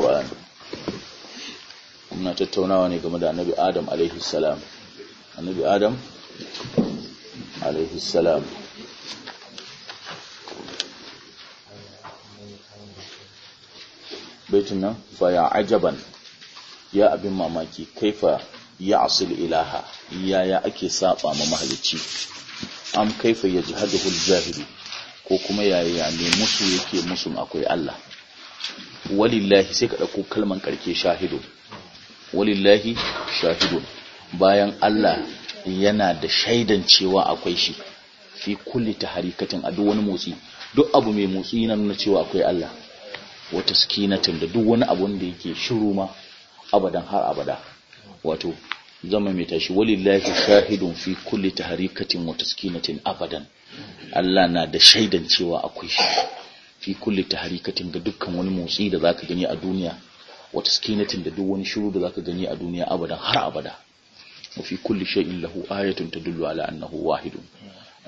da muna tattaunawa ne game da Annabi Adam alaihi salam Annabi Adam alaihi salam baitin nan fa ya ajaban ya abin mamaki kaifa ya asil ilaha ya ya ake saba ma mahalicci am kaifa yajhaduhu al-jahili ko kuma ya ne musu yake musu akwai Allah walillahi sai ka ɗauko kalman ƙarke shahido walillahi shahido bayan Allah yana da shaidan cewa akwai shi fi kulli taharikatin a duk wani motsi duk abu mai motsi yana nuna cewa akwai Allah wata taskinatin da duk wani abu da yake shiru ma abadan har abada wato zama mai tashi walillahi shahidun fi kulli taharikatin wa taskinatin abadan Allah na da shaidan cewa akwai shi fi kulli taharikatin ga dukkan wani motsi da zaka gani a duniya wata taskinatin da duk wani shiru da zaka gani a duniya abada har abada wa fi kulli shay'in lahu ayatun tadullu ala annahu wahidun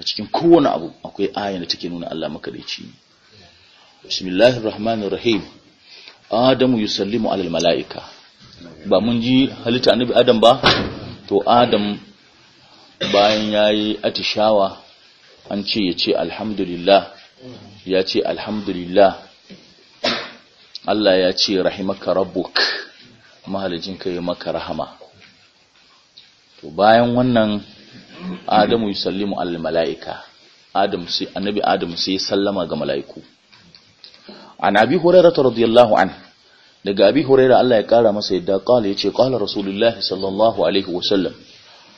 a cikin kowane abu akwai aya da take nuna Allah makadaici bismillahir rahmanir rahim adamu yusallimu alal mala'ika ba mun ji halitta annabi adam ba to adam bayan yayi atishawa an ce yace alhamdulillah ya ce alhamdulillah Allah ya ce rahimaka rabbuk mahalicin kai maka rahama to bayan wannan Adamu yusallimu al mala'ika Adam sai annabi Adam sai sallama ga mala'iku an abi ta radiyallahu an daga abi hurairah Allah ya kara masa yadda qala yace qala rasulullahi sallallahu alaihi wasallam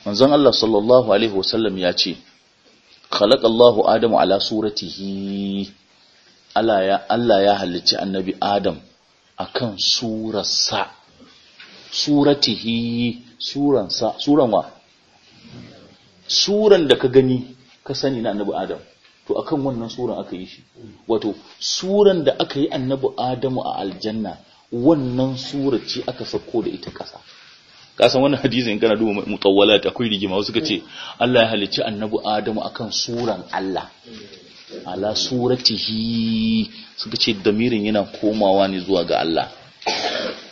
manzon Allah sallallahu alaihi wasallam ya ce khalaqallahu adamu ala suratihi Allah ya Allah ya halicci annabi adam akan surarsa suratihi suransa suran wa suran da ka gani ka sani na annabi adam to akan wannan suran aka yi shi wato suran da aka yi annabi adamu a aljanna wannan sura aka sako da ita ƙasa Kasan san wannan hadisi in kana duba mutawwalat akwai rigima wasu kace Allah ya halicci annabi Adamu akan suran Allah ala suratihi suka ce damirin yana komawa ne zuwa ga Allah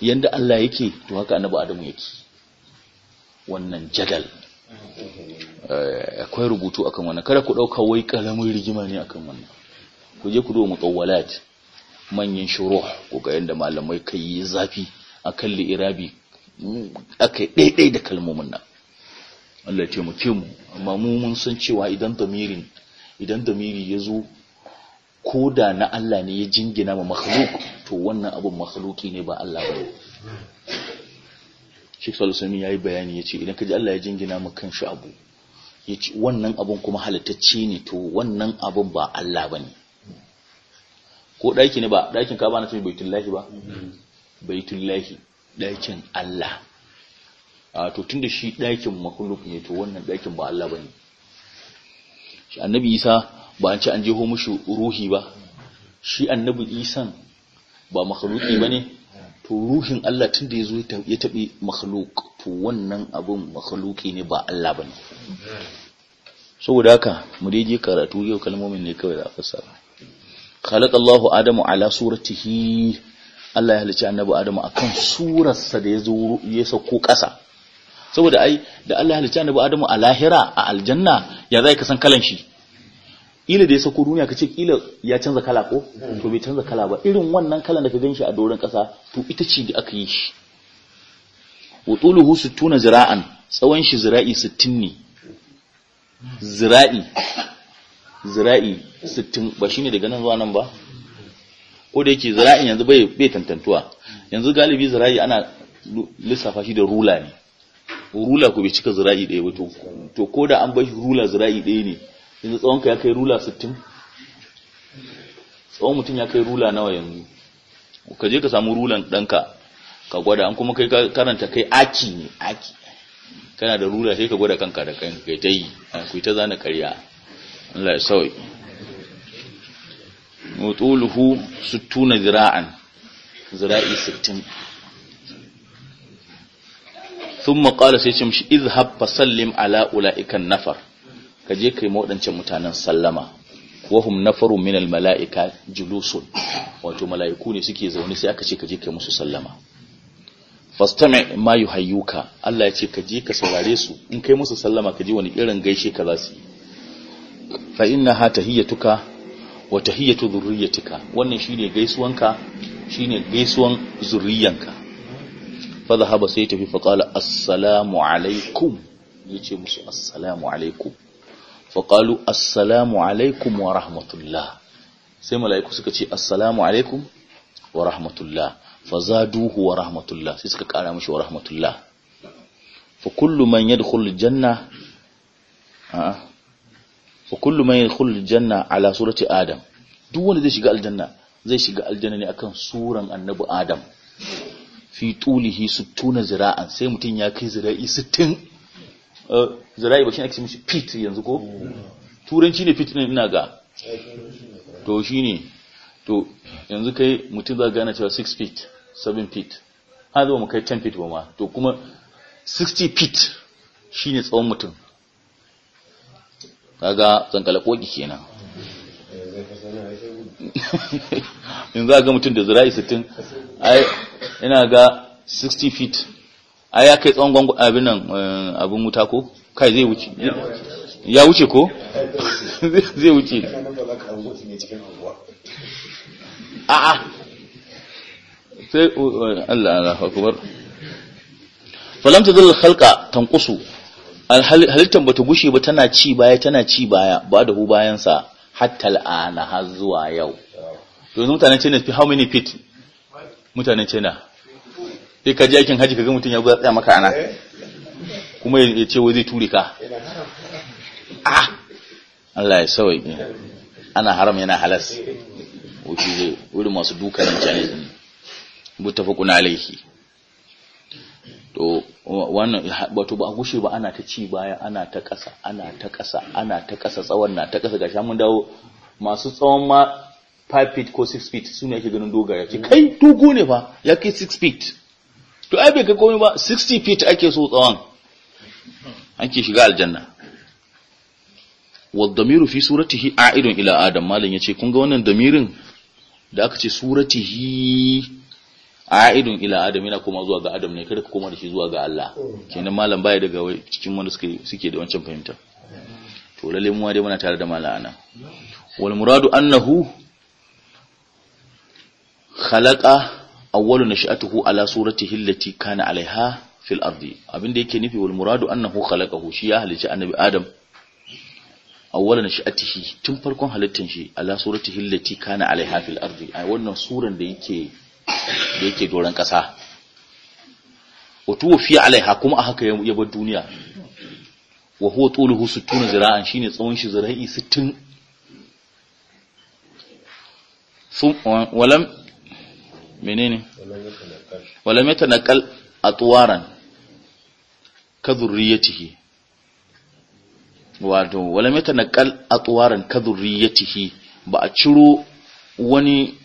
yanda Allah yake to haka annabi Adamu yake wannan jadal eh, akwai rubutu akan wannan kada ku dauka wai kalamin rigima ne akan wannan ku je ku duba mutawwalat manyan shuruh ko ga yanda malamai kai zafi akan li'irabi aka daidai da kalmomin nan Allah ya taimake mu amma mu mun san cewa idan damirin idan damiri ya zo ko da na Allah ne ya jingina ma makhluk to wannan abin makhluki ne ba Allah ba Sheikh Salusami yi bayani ce, idan kaji Allah ya jingina ma kan shi abu ce wannan abun kuma halittacce ne to wannan abun ba Allah ba ne. ko ɗaki ne ba ɗakin ka ba na tafi baitullahi ba mm-hmm. baitullahi ɗakin Allah a to tunda shi ɗakin makuluk ne to wannan ɗakin ba Allah bane shi annabi Isa ba an ce an jeho mashi ruhi ba shi annabi Isan ba ba ne? to ruhin Allah tunda da ya taɓi makhluk to wannan abin makhluki ne ba Allah bane saboda haka mu dai je karatu yau kalmomin ne kawai za a fassara خلق الله آدم على صورته Allah ya halicci annabi Adamu akan surarsa da ya zo ya sauko ƙasa saboda ai da Allah ya halicci annabi Adamu a lahira a aljanna ya zai ka san kalan shi ila da ya sauko duniya kace ila ya canza kala ko to bai canza kala ba irin wannan kalan da ka ganshi a doron ƙasa to ita ce da aka yi shi wutuluhu tuna zira'an tsawon shi zira'i 60 ne zira'i zira'i 60 ba ne daga nan zuwa nan ba ko da yake zira'in yanzu bai bai tantantuwa yanzu galibi zira'i ana lissafa shi da rula ne rula ko bai cika zira'i ɗaya ba to to ko da an bar shi rula zira'i ɗaya ne yanzu tsawon ka ya kai rula 60 tsawon mutum ya kai rula nawa yanzu ka je ka samu rulan ɗanka ka gwada an kuma kai karanta kai aki ne aki kana da rula sai ka gwada kanka da kanka kai ta yi ku ta zana karya Allah ya sauyi su sittuna zira'an zira'i sittin thumma qala sai ce mishi izhab fasallim ala ulaika nafar kaje kai ma wadancan mutanen sallama wahum nafarun min malaika julusun wato malaiku ne suke zaune sai aka ce kaje kai musu sallama fastami ma yuhayyuka Allah ya ce ka je ka saurare su in kai musu sallama je wani irin gaishe ka za su yi fa innaha tahiyatuka wa tahiyatu dhurriyyatika wannan shine gaisuwanka shine gaisuwan zurriyanka fa haba sai tafi fa qala assalamu alaikum yace musu assalamu alaikum fa qalu assalamu alaikum wa rahmatullah sai mala'iku suka ce assalamu alaikum wa rahmatullah fa zaduhu wa rahmatullah sai suka kara mishi wa rahmatullah fa kullu man yadkhulu janna ah, wa kullu man yadkhulu janna ala surati adam duk wanda zai shiga aljanna zai shiga aljanna ne akan suran annabi adam fi tulihi sittuna zira'an sai mutun ya kai zira'i 60 eh, zira'i bashin shi ake mishi feet yanzu ko turanci ne feet ne ina ga to shine to yanzu kai mutun za gane cewa 6 feet 7 feet har zuwa mu kai 10 feet ba ma to kuma 60 feet shine tsawon mutum kaga tsankala koki kenan in za ga mutum da zira'i 60 ai ina ga 60 feet ai ya kai tsawon abin nan eh, abin wuta ko kai zai wuce ya wuce ko zai wuce a a sai oh, Allah Allah akbar falam tadul khalqa tanqusu halittar bata gushe ba tana ci baya tana ci baya ba da hu bayansa hatta al'ana har zuwa yau to yanzu mutanen China fi how many feet mutanen China sai ka je aikin haji kaga mutun ya buga tsaya maka ana kuma ya ce wai zai ture ka ah Allah ya sauke ana haram yana halas wuce zai masu dukan Chinese mutafaqun alaihi to wannan wato ba a gushe ba ana ta ci baya ana ta ƙasa ana ta ƙasa ana ta ƙasa tsawon na ta ƙasa gashi mun dawo masu tsawon ma 5 feet ko 6 feet su ne ake ganin dogaya. ce kai dogo ne ba ya kai 6 feet to ai bai kai komai ba 60 feet ake so tsawon ake shiga aljanna damiru fi suratihi a'idun ila adam malam yace kun ga wannan damirin da aka ce suratihi a'idun ila adam yana koma zuwa ga adam ne kada ka koma da shi zuwa ga Allah kenan malam baya daga wai cikin wanda suke suke da wancan fahimta to lalle mu dai muna tare da malana wal muradu annahu khalaqa awwalu nash'atuhu ala suratihi allati kana alaiha fil ardi abinda yake nufi wal muradu annahu khalaqahu shi ya halici annabi adam awwalu nash'atihi tun farkon halittan shi ala suratihi allati kana alaiha fil ardi ai wannan suran da yake da yake doron ƙasa wato fi alaiha kuma a haka ya bar duniya wa huwa tuluhu 60 zira'an shi ne tsawon shi zira'i 60 walam menene walam ya tanakal yatanakal atwaran ka tihi wato walam ya tanakal yatanakal atwaran ka tihi ba a ciro wani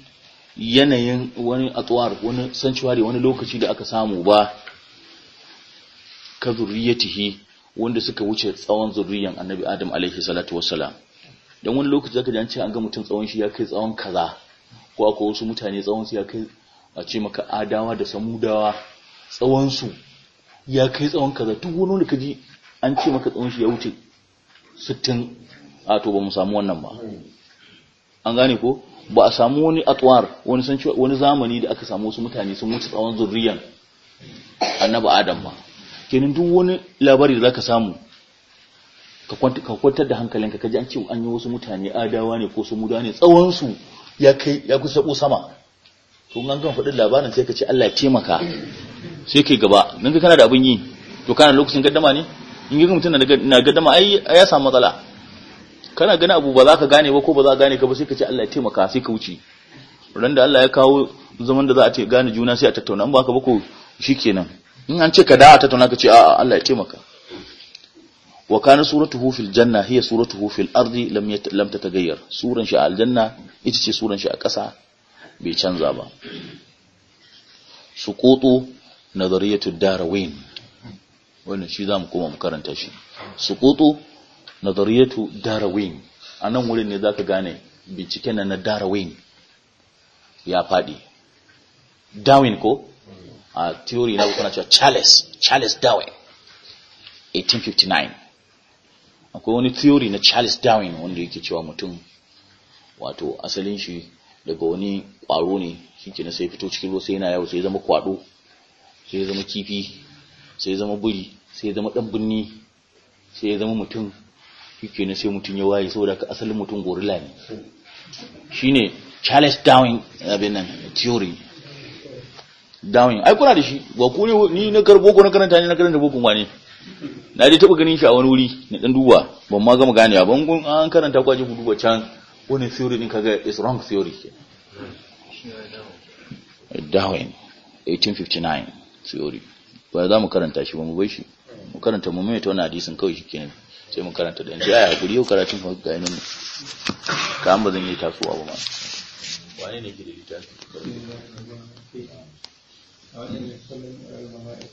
yanayin wani atwar wani sanctuary wani lokaci da aka samu ba ka zurriyatihi wanda suka wuce tsawon zurriyan annabi adam alaihi salatu wassalam dan wani lokaci zaka ji an ce an ga mutum tsawon shi ya kai tsawon kaza ko akwai wasu mutane tsawon su ya kai a ce maka adawa da samudawa tsawon su ya kai tsawon kaza duk wani wanda kaji an ce maka tsawon shi ya wuce 60 a to ba mu samu wannan ba an gane ko ba a samu wani atwar wani san wani zamani da aka samu wasu mutane sun mutu tsawon zurriyan annabi adam ba kenan duk wani labari da zaka samu ka kwanta ka kwantar da hankalinka kaji an ce an yi wasu mutane adawa ne ko su muda ne tsawon su ya kai ya kusa ko sama to an gan faɗin labarin sai ka ce Allah ya taimaka sai kai gaba nan ka kana da abin yi to kana lokacin gaddama ne in ga mutum na gaddama ai ya samu matsala kana gani abu ba za ka gane ba ko ba za gane ka ba sai ka ce Allah ya taimaka sai ka wuce ran da Allah ya kawo zaman da za a gane juna sai a tattauna in ba ka ba ko shikenan in an ce ka da a tattauna ka ce a Allah ya taimaka wa kana suratuhu fil janna hiya suratuhu fil ardi lam lam tatagayyar suran shi a aljanna ita ce suran shi a ƙasa bai canza ba suqutu nadariyatu darawin wannan shi zamu koma mu karanta shi suqutu nazariyatu darawin a nan wurin ne za ka gane bincike na darawin ya faɗi darwin ko a theory na kuna cewa charles charles darwin 1859 akwai wani theory na charles darwin wanda yake cewa mutum wato asalin shi daga wani ƙwaro ne shi ke na sai fito cikin ruwa sai yana yawo sai zama kwaɗo sai zama kifi sai zama buri sai zama ɗan birni sai zama mutum ne sai mutum ya waye saboda ka asalin mutum gorilla ne shine Charles Darwin abin nan theory Darwin ai kuna da shi ba ku ne ni na karbo ko na karanta ni na karanta bukun wane na je taba ganin shi a wani wuri na dan duba ban ma gama gane ban kun an karanta kwaje ku duba can wani theory din kaga is wrong theory Darwin 1859 theory ba za mu karanta shi ba mu bai shi mu karanta mu mai ta wani hadisin kawai shi kenan sai mun karanta da yanzu aya guri yau karatun kuma ga yanin ka amma ba zan yi tasowa ba ma wani ne ke da